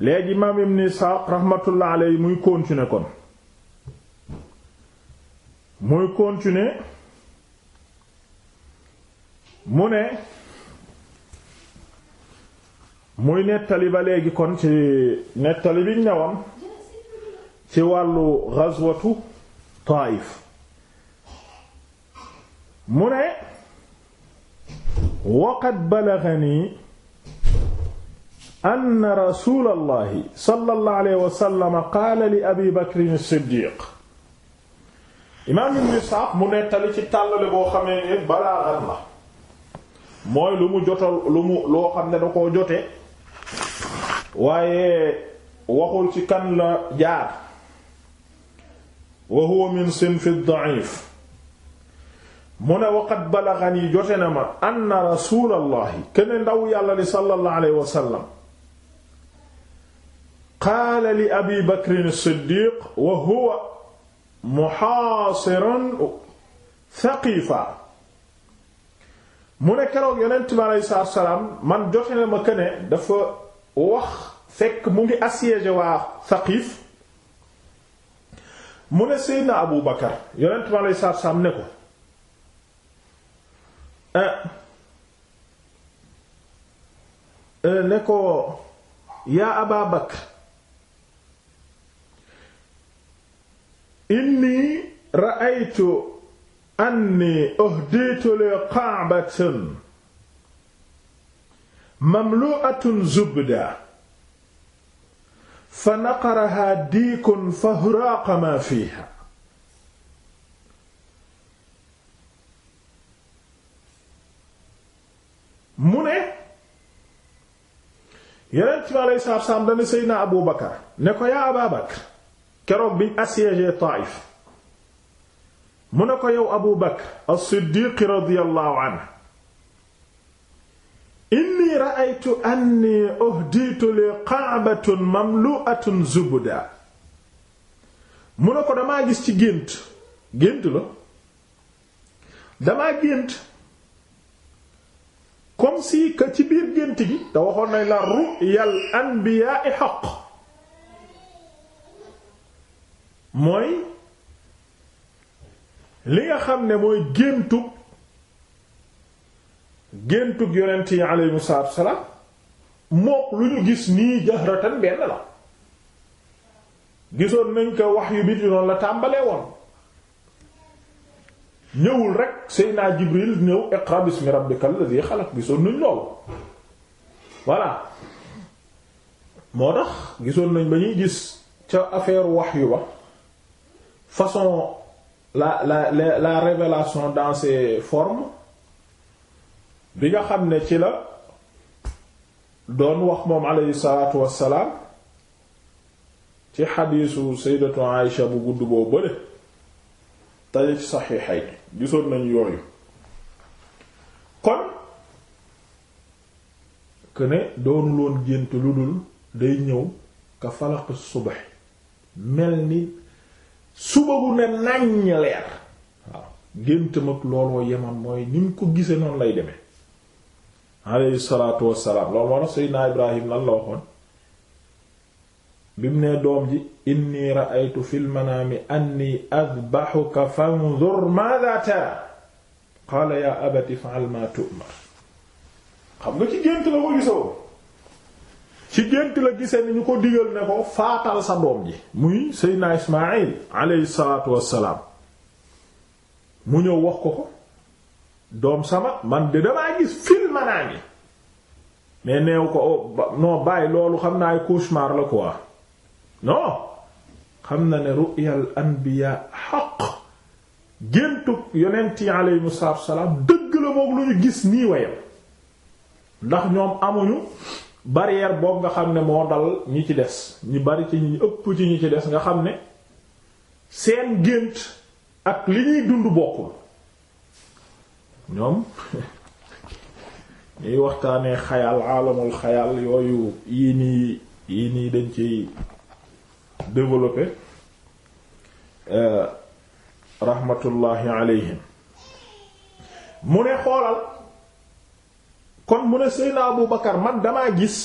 léegi imaam ni Isxaaq raxmatullah alayhi muy continuer kon muy continuer mu ne muy nettali ba léegi kon ci nettali bi ñëwam ci wàllu gazwatu Taayif mu ne waqad balaghani anna rasuulallahi sallallahu alayhi wa sallam qaala li abi bakrin siddiq imaam ibn Isxaaq mu nettali ci tàllale boo xamee ne balaaxat mooy lu mu jotal lu mu loo xam ne da koo jote waaye waxul ci kan la jaar wa huwa min sinfi da'if mu ne waqad balaxani jote na ma anna rasuulallahi kenn ndaw yàlla li sallallahu alayhi wa qaala li abi bakrin siddiq wa huwa muhaasirun thaqiifa mu ne keroog yonent bi aleyhi salaatu salaam man jote na ma këne dafa wax fekk mu ngi assiégé waa Saqiif mu ne Seydina Abu Bakar yonent bi aleyhi salaatu salaam ne ko eh, eh, ne ko yaa Abaa Bakar inni ra'aytu anni uhditu li qa'batin mamlu'atun zubda fa naqaraha diikun fa huraaqa ma fiiha mu ne yeneen ci ma lay saar saam dana Seydina Abu Bakar ne ko yaa Abaa Bakar keroog biñ assiégé Taïf mu ne ko yow Abu Bakr as-Siddiq radiyallahu anhu inni ra'aytu anni uhditu li qa'batun mamlu'atun zubda mu ne ko damaa gis ci gént gént la damaa gént comme si que ci biir gént gi te waxoon nañ la ru'yal anbiya'i haqq mooy li nga xam ne mooy géntug géntug yonent yi aleyhimu salaatu wassalaam mook lu ñu gis nii jahratan benn la gisoon nañ ko wax yu biti noonu la tàmbalee woon ñëwul rek Seydina Jibril ñëw iqra bismi rabbikal ladhi xalaq gisoon nañ loolu voilà moo tax gisoon nañ ba ñuy gis ca affaire wax yu ba façon la la la la révélation dans ses bi nga xam ne ci la doon wax moom aleyhi salaatu wassalaam ci xadiisu sayyidatu Aïsha bu gudd boo bële taje ci saxiixay gisoon nañu yooyu kon que ne doonuloon gént lu dul day ñëw ka falaq subax mel ni suba bu ne naññ leer waaw géntam ak looloo yeman mooy ni mu ko gise noonu lay demee alayhi salaatu wassalaam loolu moo tax seydinaa ibrahim lan la waxoon bi mu nee doom ji inni ra'aytu fil manaami anni adbahuka fanzur maadha tara qaala yaa abati fa'al ma tu'mar xam nga ci gént la ko gisoo ci gént la gisee ni ñu ko digal ne ko faatal sa doom ji muy seydna ismail aleyhi salaatu wassalaam mu ñëw wax ko ko doom sama man de damaa gis film naa ngi mais neew ko oh, non bàyyi loolu xam naa ay cauchemar la quoi non xam na ne ru'yal anbiya xaq géntu yonent yi aleyhimu salaatu wassalaam dëgg la moom lu ñu gis nii wayam ndax ñoom amuñu barrière boob nga xam ne moo dal ñi ci des ñi bari ci ñi ëpp ci ñi ci des nga xam ne seen gént ak li ñuy dund bokkul ñoom ñuy waxtaanee xayaal aalamul xayaal yooyu yii nii yii nii dañ ci développé euh, rahmatullahi alayhim mu ne xoolal kon mu ne Seydina Abu Bakar man damaa gis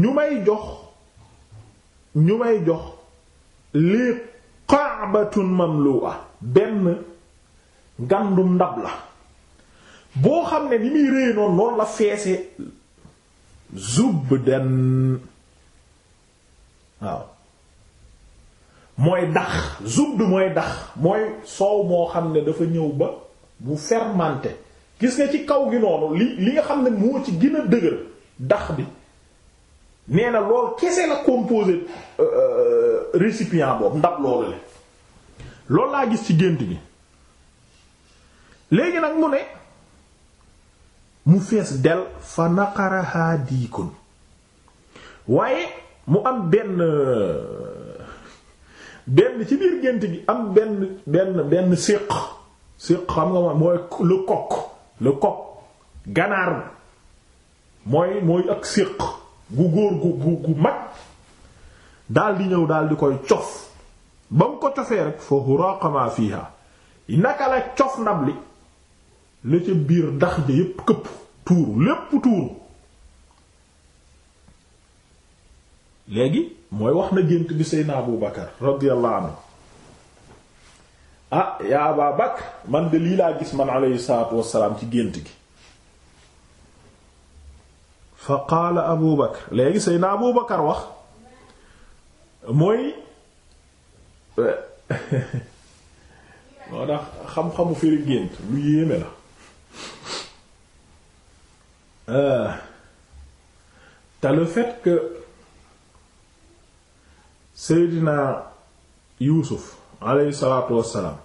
ñu may jox ñu may jox lii qa'batun mamlu'a benn ngandum ndab la boo xam ne ni muy réy noonu noonu la feese zubdan waaw mooy dax zubd mooy dax mooy soow moo xam ne dafa ñëw ba bu fermante gis nga ci kaw gi noonu li li nga xam ne moo ci gën a dëgër dax bi nee na lool kese la composé euh, euh, récipient boobu ndax loolu loolu laa gis ci gént bi léegi nag mu ne mu fees del fa naqarahaa diikon waaye mu am benn benn ci biir gént gi am benn benn benn séq séq xam nga mooy le coq le coq ganaar mooy mooy ak séq gu góor gu gu gu mag daldi ñëw daldi di koy cof ba mu ko cofee rek fa huraqa ma naka la cof ndab li la ca biir ndax ja yépp këpp tuuru lépp tuuru léegi mooy wax na gént gi Seydina Abu Bakar radiyallahu anhu ah yaa Abaa Bakr man de lii laa gis man alayhi salaatu wassalaam ci gént gi fa qaala Abu Bakr léegi Seydina Abu Bakr wax mooy eh, moo tax xam-xamu firi gént lu yéeme la eh, te le fait que Seydina Yuusuf aleyhi salaatu wassalaam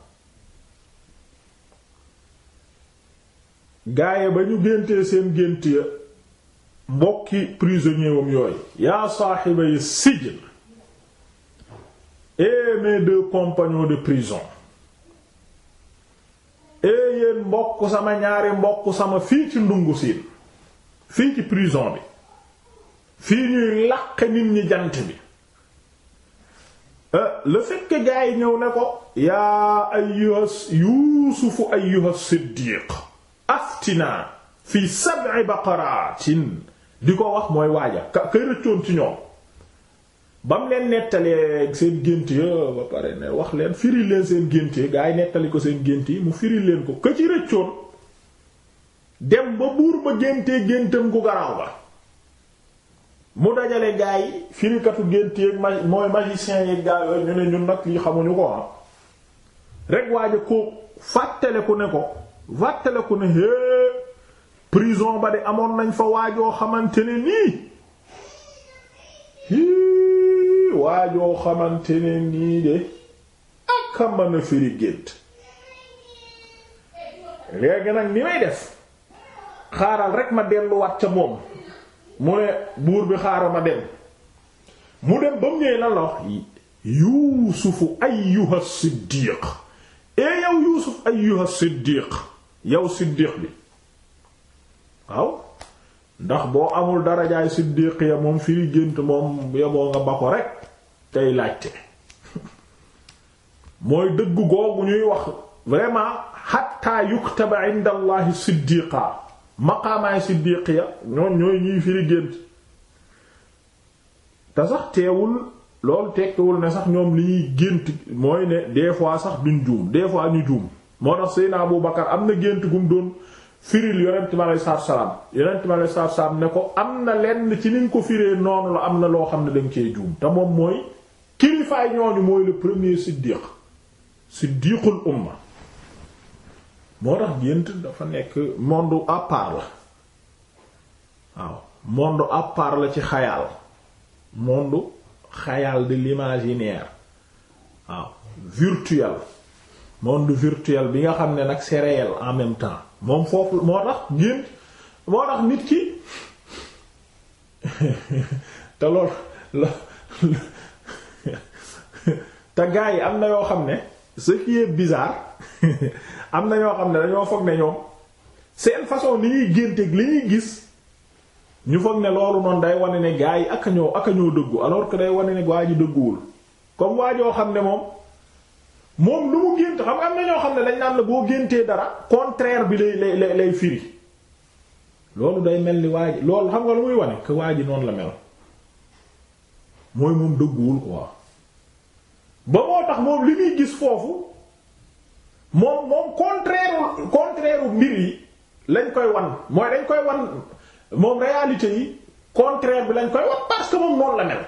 gaaye ba ñu géntee seen gént ya mbokki prisonnier wam yooyu yaa saaxiba yi sijn et eh, mes deux compagnons de prison et eh, yéen mbokk sama ñaari mbokk sama fii ci ndungu siin fii ci prison bi fii ñuy làq nit ñi jant bi Euh, le fait que yi ñëw ne ko yaa ayyuha yuusufu ayyuha siddiq aftina fi sab'i baqaratin di ko wax mooy waaja ka kay rëccoon ci ñoom ba mu leen nettalee seen gént ya ba pare ne wax leen firil leen seen gént yi gaa yi nettali ko seen gént yi mu firil leen ko ka ci rëccoon dem ba buur ba géntee géntam gu garaaw ba mu dajale gaa yi firikatu gént yeeg ma mooy magicien yeeg gaa yooyu ñu ne ñun nag lii xamuñu ko ah rek waaja ko fàttaleku ne ko fàttaleku ne hee prison ba de amoon nañ fa waajoo xamante ne nii hii waajoo xamante ne nii de ak a mën a firi gént léegi nag ni may def xaaral rek ma delluwaat ca moom mu ne buur bi xaaral ma dem mu dem ba mu ñëwee lan la wax yuusufu ayyuha siddiq e eh yow yuusuf ayyuha siddiq yow siddiq bi waaw ndax boo amul darajaay siddiq ya moom fi gént moom yoboo nga ba ko rek tey laajte mooy dëgg googu ñuy wax vraiment xatta yuktaba inda allahi siddiqa maqaamaay siddiqiya ya ñooy ñuy firi gént te sax teewul loolu tekkiwul ne sax ñoom li gént mooy ne des fois sax duñ juum des fois ñu juum moo tax Seydina Abu Bakar am na gént gum doon firil yonent bi aleyhi salaatu salaam yonent bi aleyhi ne ko am na lenn ci ni ko firee noonu la am na loo xam ne dañ cee juum te moom mooy kilifaay ñooñu mooy le premier siddiq siddiqul umma moo tax gént dafa nekk monde à part la waaw monde à la ci xayaal monde xayaal de l'imaginaire waaw virtuel monde virtuel bi nga xam ne nag c'est en même temps moom foofu moo tax gént moo tax nit ki te lool la te gaa yi am na yoo xam ne ce qui est bizarre am na ñoo xam ne dañoo foog ne ñoom seen façon li ñuy génteeg li ñuy gis ñu foog ne loolu noonu day wane ne gaa yi ak a ñoo ak a ñoo dëggu alors que day wane ne waa ji dëgguwul comme waa joo xam ne moom moom lu mu gént xam am na xam ne dañ naan la boo géntee dara contraire bi lay lay loolu day mel ni waa ji xam nga lu muy wane que waa ji noonu la mel mooy moom dëgguwul quoi ba moo tax moom li muy gis foofu. moom moom contraire contraire mbir yi lañ koy wan mooy dañ koy wan moom réalité yi contraire bi lañ koy wan parce que moom la mel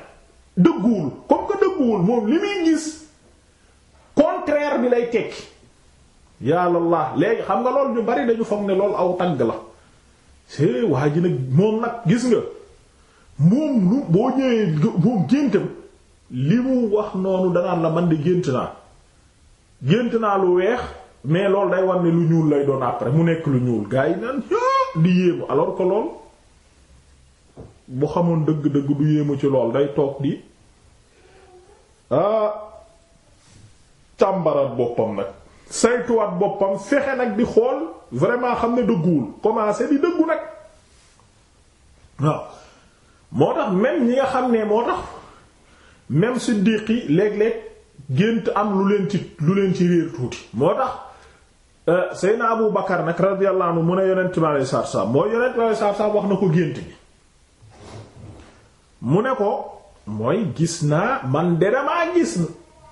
dëgguwul comme que dëgguwul moom li muy gis contraire bi lay tekki yàlla la léegi xam nga loolu ñu bari dañu foog ne loolu aw tagg la see waa ji nag moom nag gis nga moom lu boo ñëwee moom géntam li mu wax noonu danaan la man di gént naa gént naa lu weex mais loolu day war ne lu ñuul lay doon après mu nekk lu ñuul gars yi naan di yéemu alors que lool bu xamoon dëgg-dëgg du yéemu ci lool day toog di ah càmbaraat boppam nag saytuwaat boppam fexe nag di xool vraiment xam ne dëgguwul commencé di dëggu nag waaw moo tax même ñi nga xam ne moo tax même siddiq yi léeg-léeg gént am lu leen ci lu leen ci réer tuuti moo tax euh, Seydina Abu Bakar nag radiyallahu anhu mu ne yonent bi alayhi salaatu salaam mooy yonent bi alayhi salaatu salaam wax na ko gént bi mu ne ko mooy gis naa man de damaa gis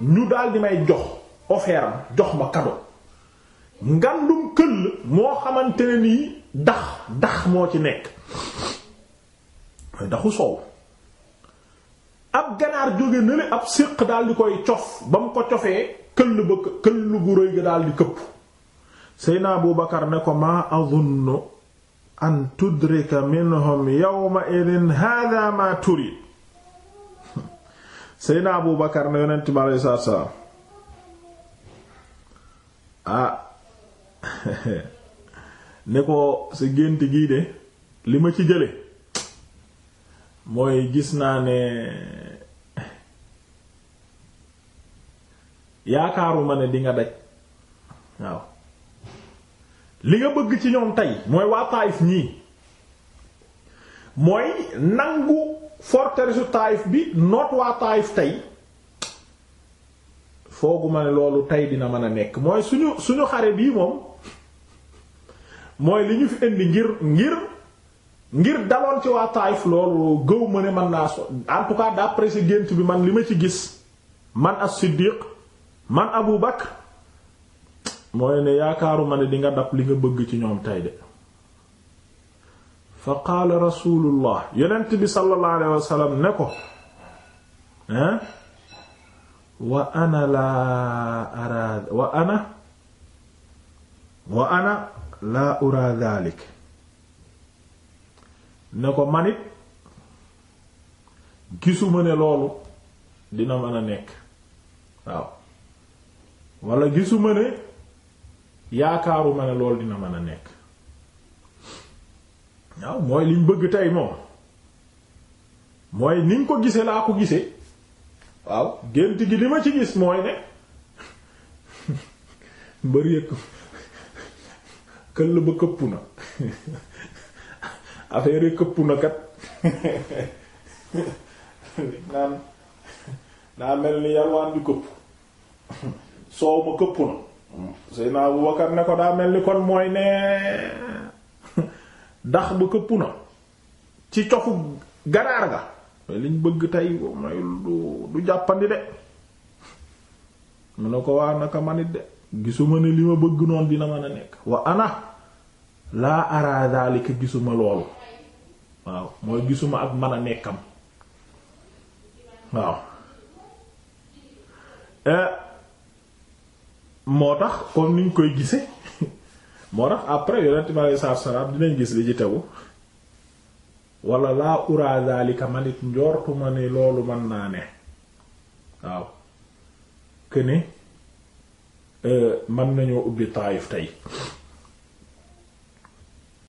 ñu daal di may jox offert jox ma cadeau ngandum kël moo xamante ne nii dax dax moo ci nekk daxu soow ab ganaar jóge na le ab siq daal di koy cof ba mu ko cofee këll ba këll gu rëy ga daal këpp seyna Abu Bakar ne ko maa azunnu an tudrika minhum yawma idin hadha ma turid seyna Abu Bakar ne yonent bi aleyhi salaatu salaam ah, ne ko sa gént gii de li ma ci jële mooy gis naa ne yaakaaruma ne dinga nga daj waaw li nga bëgg ci ñoom tey mooy waa Taayif ñii mooy nangu forteresse Taayif bi noot waa Taayif tey fooguma ne loolu tey dina mën a nekk mooy suñu suñu xare bii moom mooy li ñu fi indi ngir ngir ngir daloon ci waa Taayif loolu gëw ma ne man naa so en tout cas d'après sa gént bi man li ma ci gis man as-Siddiq man Abu Bakr mooy ne yaakaaruma ne di nga dab li nga bëgg ci ñoom tey de fa qaala rasulullah yonent bi sallallahu alayhi wa ne ko hein ana wa ana laa ura dhalik ne ko manit gisuma ne loolu dina mën a nekk waaw walla gisuma ne yaakaaruma ne loolu dina mën a nekk waaw mooy liñ bëgg tey moom mooy niñ ko gise laa ko gise waaw gént gi li ma ci gis mooy ne mbër yëkk këll ba këppu na affaire këpp na kat mel ni yalwaan bi këpp soow ma këpp na Seydina Abu Bakar ne ko daa mel ni kon mooy ne dax ba këpp na ci cofu ganaar ga liñ bëgg tey mooy du jàppandi de mu ne ko waa naka manit de gisuma ne li ma bëgg noonu dina mën a nekk wa ana laa ara daalika gisuma loolu waaw mooy gisuma ak mën a nekkam waaw eh, moo tax comme niñ koy gise moo tax après yonent bi alei salaatu salaam dinañ gis li ci tegu wala laa ura zalika man it njortuma ne loolu man naa ne waaw que ne eh, mën nañoo ubbi Taayif tey